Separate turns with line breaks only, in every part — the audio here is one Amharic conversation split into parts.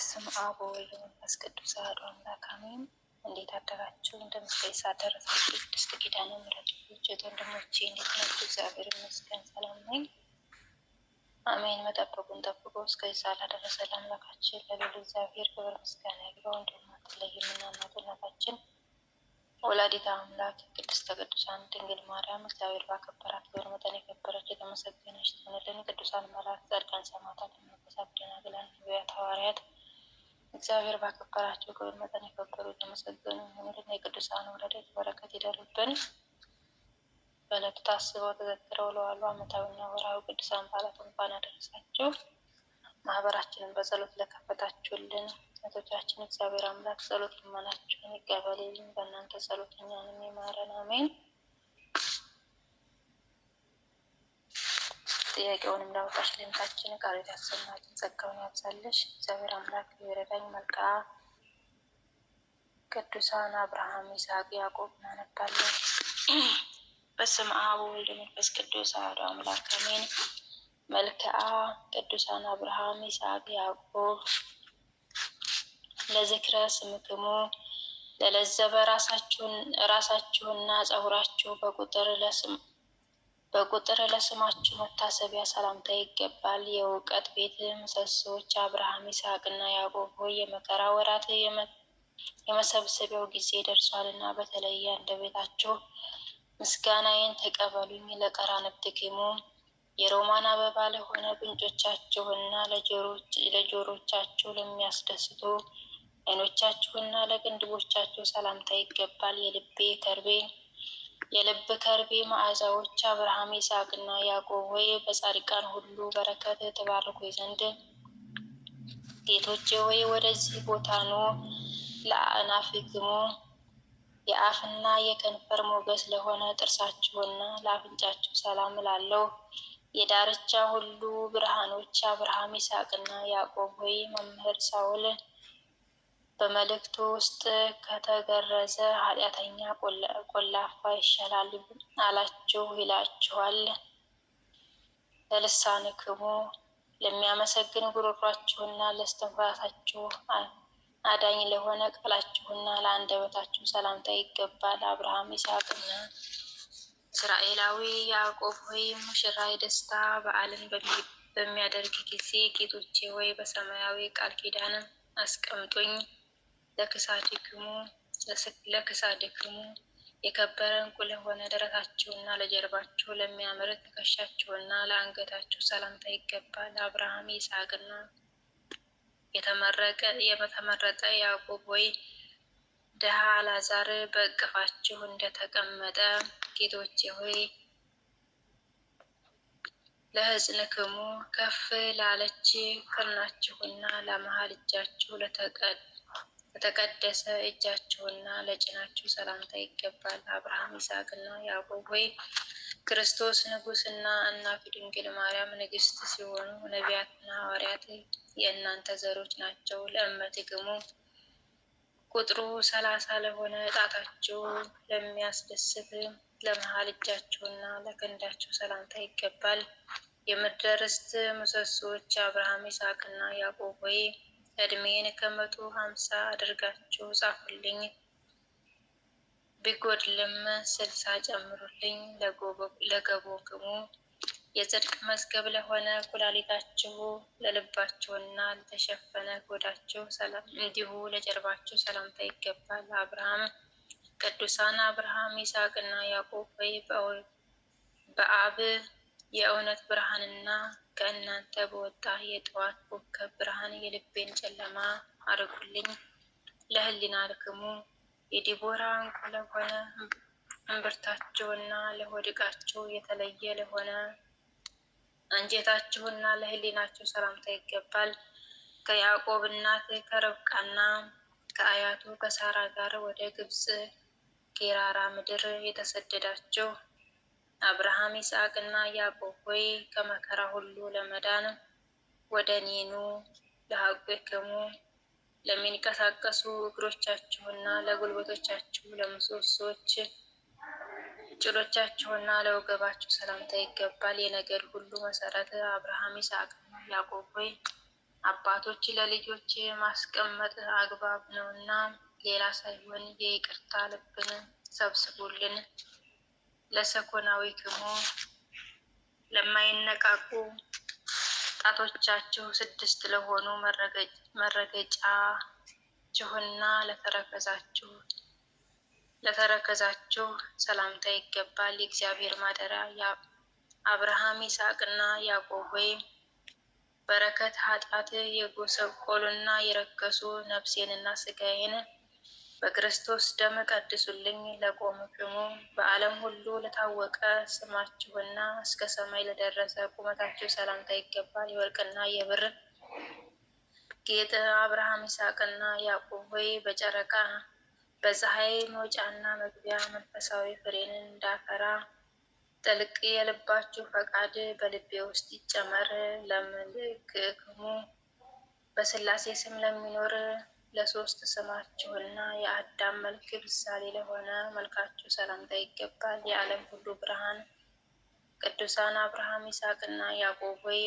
በስም አብ ወወልድ ወመንፈስ ቅዱስ አሐዱ አምላክ አሜን። እንዴት አደራችሁ? እንደምስጋይ ሳደረሳችሁ ቅድስት ኪዳነ ምሕረት ልጆች ወንድሞቼ እንዴት ናችሁ? እግዚአብሔር ይመስገን ሰላም ነኝ። አሜን። መጠበቁን ጠብቆ እስከዚህ ላደረሰ ለአምላካችን አምላካችን ለልዑል እግዚአብሔር ክብር ምስጋና ይግባው። እንደማትለይ የምናምናት እናታችን ወላዲተ አምላክ ቅድስተ ቅዱሳን ድንግል ማርያም እግዚአብሔር ባከበራት ክብር መጠን የከበረች የተመሰገነች ትሆንልን። ቅዱሳን መላእክት፣ ጻድቃን፣ ሰማዕታት፣ መነኮሳት፣ ደናግላን፣ ነቢያት፣ ሐዋርያት እግዚአብሔር ባከበራቸው ክብር መጠን የከበሩ የተመሰገኑ ይሁንልን። የቅዱሳን ረድኤት በረከት ይደርብን። በዕለቱ ታስበው ተዘክረው ለዋሉ ዓመታዊና ወርሃዊ ቅዱሳን በዓላት እንኳን አደረሳችሁ። ማህበራችንን በጸሎት ለከፈታችሁልን እህቶቻችን እግዚአብሔር አምላክ ጸሎት ልመናችሁን ይቀበልልን። በእናንተ ጸሎት እኛንም ይማረን፣ አሜን። ጥያቄውንም ለወጣሽ ለምታችን ቃሉ ያሰማልን ጸጋውን ያብዛለሽ። እግዚአብሔር አምላክ የረዳኝ መልክዓ ቅዱሳን አብርሃም፣ ይስሐቅ፣ ያዕቆብ እናነባለን። በስም አብ ወልድ መንፈስ ቅዱስ አሐዱ አምላክ አሜን። መልክዓ ቅዱሳን አብርሃም፣ ይስሐቅ፣ ያዕቆብ ለዝክረ ስምክሙ ለለዘበ ራሳችሁና ጸጉራችሁ በቁጥር በቁጥር ለስማችሁ መታሰቢያ ሰላምታ ይገባል። የእውቀት ቤት ምሰሶዎች አብርሃም፣ ይስሐቅና ያዕቆብ ሆይ የመከራ ወራት የመሰብሰቢያው ጊዜ ደርሷልና በተለየ ቤታችሁ ምስጋናዬን ተቀበሉኝ። ለቀራንብትክሙ የሮማን አበባ ለሆነ ጉንጮቻችሁና ለጆሮቻችሁ ለሚያስደስቱ አይኖቻችሁና ለቅንድቦቻችሁ ሰላምታ ይገባል። የልቤ ከርቤ የልብ ከርቤ መዓዛዎች አብርሃም ይስሐቅና ያዕቆብ ወይ በጻድቃን ሁሉ በረከት ተባርኮ ዘንድ ጌቶቼ ወይ ወደዚህ ቦታ ኑ። ለአናፍግሞ የአፍና የከንፈር ሞገስ ለሆነ ጥርሳችሁና ለአፍንጫችሁ ሰላም እላለሁ። የዳርቻ ሁሉ ብርሃኖች አብርሃም ይስሐቅና ያዕቆብ ሆይ መምህር ሳውል በመልእክቱ ውስጥ ከተገረዘ ኃጢአተኛ ቆላፋ ይሻላል አላችሁ ይላችኋል። ለልሳንክሙ ለሚያመሰግን ጉሮሯችሁና ለእስትንፋሳችሁ አዳኝ ለሆነ ቃላችሁና ለአንደበታችሁ ሰላምታ ይገባል። አብርሃም ይስሐቅና እስራኤላዊ ያዕቆብ ሆይ ሙሽራ የደስታ በዓልን በሚያደርግ ጊዜ ጌቶቼ ወይ በሰማያዊ ቃል ኪዳንም አስቀምጦኝ ለክሳ ለክሳድክሙ የከበረ እንቁ ለሆነ ደረታችሁና ለጀርባችሁ ለሚያምር ትከሻችሁና ለአንገታችሁ ሰላምታ ይገባል። አብርሃም ይስሐቅና የተመረጠ ያዕቆብ ወይ ድሃ አላዛር በእቅፋችሁ እንደተቀመጠ ጌቶቼ ሆይ ለሕፅንክሙ ከፍ ላለች ቅርናችሁና ለመሃል እጃችሁ በተቀደሰ እጃችሁና ለጭናችሁ ሰላምታ ይገባል። አብርሃም ይስሐቅና ያዕቆብ ወይ! ክርስቶስ ንጉሥና እናቱ ድንግል ማርያም ንግስት ሲሆኑ ነቢያትና ሐዋርያት የእናንተ ዘሮች ናቸው። ለእመት ግሙ ቁጥሩ ሰላሳ ለሆነ ጣታችሁ ለሚያስደስት ለመሀል እጃችሁና ለክንዳችሁ ሰላምታ ይገባል። የምድር ርስት ምሰሶዎች አብርሃም ይስሐቅና ያዕቆብ ወይ! እድሜን ከመቶ ሀምሳ አድርጋችሁ ጻፉልኝ። ቢጎድልም ስልሳ ጨምሩልኝ። ለገቦ ግሙ የጽድቅ መዝገብ ለሆነ ኩላሊታችሁ ለልባችሁና ለተሸፈነ ሆዳችሁ እንዲሁ ለጀርባችሁ ሰላምታ ይገባል። አብርሃም ቅዱሳን አብርሃም፣ ይስሐቅና ያዕቆብ ወይ በአብ የእውነት ብርሃንና ከእናንተ በወጣ የጠዋት ኮከብ ብርሃን የልቤን ጨለማ አርጉልኝ። ለህሊና ልክሙ የዲቦራ እንቁ ለሆነ እምብርታቸውና ለሆድቃቸው የተለየ ለሆነ አንጀታችሁና ለህሊናችሁ ሰላምታ ይገባል። ከያዕቆብ እናት ከርብቃና ከአያቱ ከሳራ ጋር ወደ ግብፅ ጌራራ ምድር የተሰደዳችሁ አብርሃም ይስሐቅና ያዕቆብ ሆይ ከመከራ ሁሉ ለመዳን ወደ ኔኑ ኑ። ለሀቁክሙ ለሚንቀሳቀሱ እግሮቻችሁና ለጉልበቶቻችሁ ለምሰሶች ጭሎቻችሁና ለወገባችሁ ሰላምታ ይገባል። የነገድ ሁሉ መሰረት አብርሃም ይስሐቅና ያዕቆብ ሆይ አባቶች ለልጆች ማስቀመጥ አግባብ ነውና ሌላ ሳይሆን የይቅርታ ልብን ሰብስቡልን። ለሰኮናዊ ክሞ ለማይነቃቁ ጣቶቻችሁ ስድስት ለሆኑ መረገጫችሁና ለተረከዛችሁ ለተረከዛችሁ ሰላምታ ይገባል። የእግዚአብሔር ማደሪያ አብርሃም ይስሐቅና ያዕቆብ በረከት ኃጢአት የጎሰቆሉና የረከሱ ነፍሴንና ስጋዬን በክርስቶስ ደም ቀድሱልኝ ለቆሙ ቁሙ። በዓለም ሁሉ ለታወቀ ስማችሁና እስከ ሰማይ ለደረሰ ቁመታችሁ ሰላምታ ይገባል። የወርቅና የብር ጌጥ አብርሃም ይስሐቅና ያዕቆብ ሆይ በጨረቃ በፀሐይ መውጫና መግቢያ መንፈሳዊ ፍሬን እንዳፈራ ጥልቅ የልባችሁ ፈቃድ በልቤ ውስጥ ይጨመር። ለምልክክሙ በስላሴ ስም ለሚኖር ለሶስት ስማችሁና የአዳም መልክ ምሳሌ ለሆነ መልካችሁ ሰላምታ ይገባል። የዓለም ሁሉ ብርሃን ቅዱሳን አብርሃም፣ ይስሐቅና ያዕቆብ ሆይ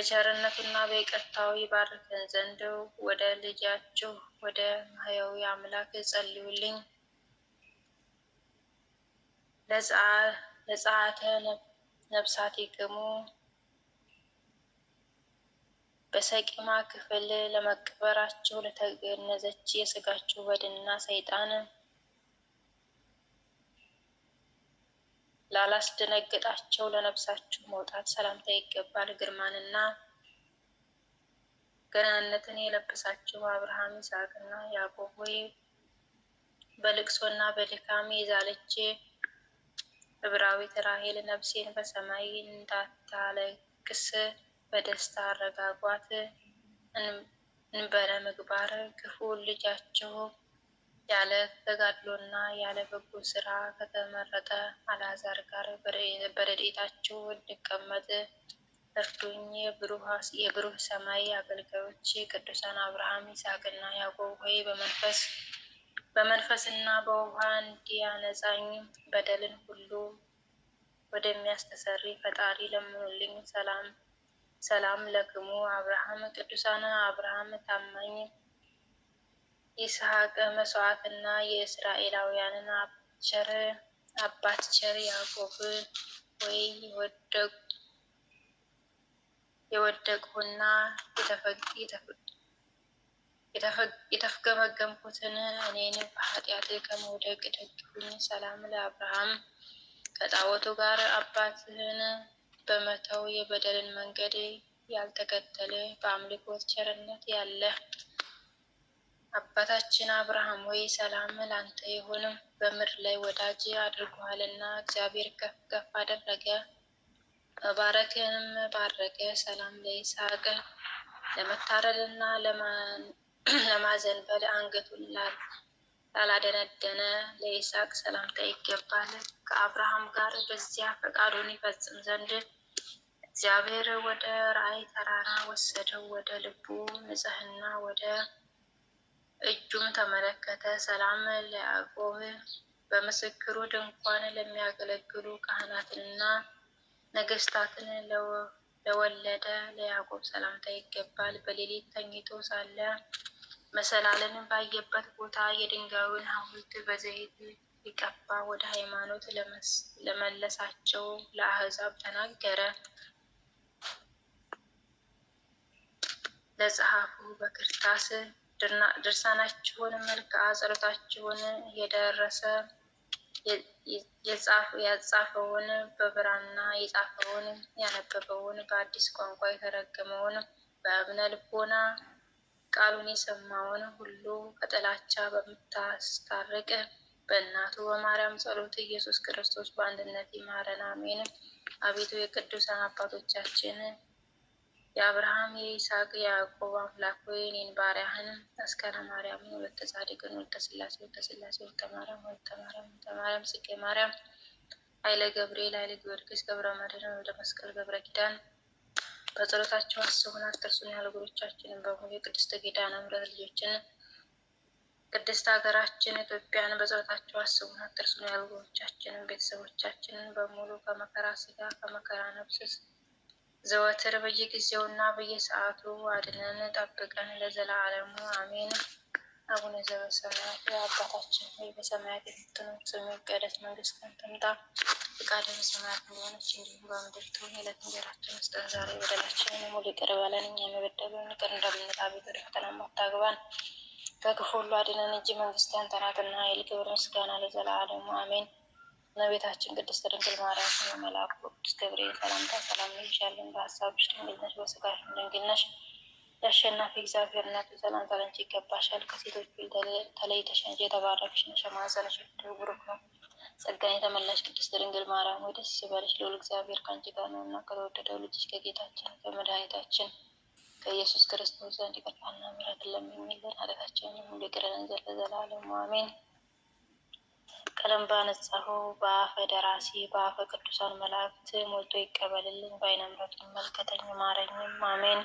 በቸርነቱና በይቅርታው ይባርከን ዘንድ ወደ ልጃችሁ ወደ ማህያዊ አምላክ ጸልዩልኝ። ለጸአተ ነብሳቲክሙ በሰቂማ ክፍል ለመቀበራቸው ለተገነዘች የስጋችሁ በድና ሰይጣን ላላስደነገጣቸው ለነብሳችሁ መውጣት ሰላምታ ይገባል። ግርማንና ገናነትን የለበሳችሁ አብርሃም ይስሐቅና ያዕቆብ ሆይ በልቅሶና በድካም የዛለች ዕብራዊት ራሔል ነፍሴን በሰማይ እንዳታለቅስ በደስታ አረጋጓት። እንበለ ምግባር ክፉ ልጃቸው ያለ ተጋድሎና ያለ በጎ ስራ ከተመረጠ አላዛር ጋር በረድኤታቸው እንቀመጥ እርዱኝ። የብሩህ ሰማይ አገልጋዮች ቅዱሳን አብርሃም፣ ይስሐቅና ያዕቆብ ሆይ በመንፈስ በመንፈስና በውሃ እንዲያነጻኝ በደልን ሁሉ ወደሚያስተሰሪ ፈጣሪ ለምኑልኝ። ሰላም ሰላም ለክሙ አብርሃም ቅዱሳን አብርሃም ታማኝ ይስሐቅ መስዋዕትና የእስራኤላውያንን ቸር አባት ቸር ያዕቆብ ወይ የወደቅሁና የተፈገመገምኩትን እኔን በኃጢአት ከመውደቅ ደግ ሰላም ለአብርሃም ከጣዖቱ ጋር አባትህን በመተው የበደልን መንገድ ያልተከተለ በአምልኮት ቸርነት ያለ አባታችን አብርሃም ወይ ሰላም ላንተ ይሁንም። በምድር ላይ ወዳጅ አድርጎሃልና እግዚአብሔር ከፍ ከፍ አደረገ፣ መባረክንም ባረገ ሰላም ለይስሐቅ ለመታረድና ለማዘንበል አንገቱን ላል ላላደነደነ ለይስሐቅ ሰላምታ ይገባል። ከአብርሃም ጋር በዚያ ፈቃዱን ይፈጽም ዘንድ እግዚአብሔር ወደ ራእይ ተራራ ወሰደው። ወደ ልቡ ንጽህና ወደ እጁም ተመለከተ። ሰላም ለያዕቆብ በምስክሩ ድንኳን ለሚያገለግሉ ካህናትንና ነገስታትን ለወለደ ለያዕቆብ ሰላምታ ይገባል። በሌሊት ተኝቶ ሳለ መሰላለንን ባየበት ቦታ የድንጋዩን ሐውልት በዘይት ሊቀባ ወደ ሃይማኖት ለመለሳቸው ለአህዛብ ተናገረ። ለጸሐፉ በክርታስ ድርሳናችሁን መልክዓ ጸሎታችሁን የደረሰ ያጻፈውን በብራና የጻፈውን ያነበበውን በአዲስ ቋንቋ የተረገመውን በእብነ ልቦና ቃሉን የሰማውን ሁሉ ከጥላቻ በምታስታርቅ በእናቱ በማርያም ጸሎት ኢየሱስ ክርስቶስ በአንድነት ይማረን፣ አሜን። አቤቱ የቅዱሳን አባቶቻችን የአብርሃም የይስሐቅ የያዕቆብ አምላክ ሆይ እኔን ባሪያህን አስካለ ማርያምን ወለተ ጻድቅን ወልተ ስላሴ ወልተ ስላሴ ወልተ ማርያም ወልተ ማርያም ወልተ ማርያም ጽጌ ማርያም ኃይለ ገብርኤል ኃይለ ጊዮርጊስ ገብረ መድኅን ወልደ መስቀል ገብረ ኪዳን በጸሎታቸው አስቡን አትርሱን። ያለጉሮቻችንን በሙሉ የቅድስት ኪዳነ ምሕረት ልጆችን ቅድስት ሀገራችን ኢትዮጵያን በጸሎታቸው አስቡን አትርሱን። ያለጉሮቻችንን ቤተሰቦቻችንን በሙሉ ከመከራ ስጋ ከመከራ ነፍስ ዘወትር በየጊዜውና በየሰዓቱ አድነን ጠብቀን ለዘላለሙ አሜን። አቡነ ዘበሰማያት አባታችን ሆይ በሰማያት የምትኖር ስምህ ይቀደስ፣ መንግስትህ ትምጣ፣ ፈቃድህ በሰማያት እንደሆነች እንዲሁም በምድር ትሁን። የዕለት እንጀራችንን ስጠን ዛሬ፣ በደላችንን ሙሉ ይቅር በለን እኛም የበደሉንን ይቅር እንደምንል፣ አቤት ወደ ፈተና አታግባን፣ ከክፉ ሁሉ አድነን እንጂ መንግስት ያንተ ናትና፣ ኃይል፣ ክብር፣ ምስጋና ለዘላለሙ አሜን። እመቤታችን ቅድስት ድንግል ማርያም ሆይ መልአኩ ቅዱስ ገብርኤል ሰላምታ ሰላም ይብዛልን። በሀሳብሽ ድንግል ነሽ፣ በስጋሽ ድንግል ነሽ የአሸናፊ እግዚአብሔር እናቱ ሰላም ላንቺ ይገባሻል። ከሴቶች ተለይተሽ የተባረክሽ ነሽ፣ ማኅፀንሽ ብሩክ ነው። ጸጋን የተመላሽ ቅድስት ድንግል ማርያም ሆይ ደስ ይበልሽ፣ ልዑል እግዚአብሔር ከአንቺ ጋር ነው እና ከተወደደው ልጅሽ ከጌታችን ከመድኃኒታችን ከኢየሱስ ክርስቶስ ዘንድ ይቅርታና ምሕረትን ለሚሚልን ኃጢአታችንን ሁሉ ይቅር ይለን ዘንድ ለዘላለሙ አሜን። ቀለም ባነጸፈው በአፈ ደራሲ በአፈ ቅዱሳን መላእክት ሞልቶ ይቀበልልን። በዓይነ ምሕረቱ ይመልከተኝ ይማረኝም፣ አሜን።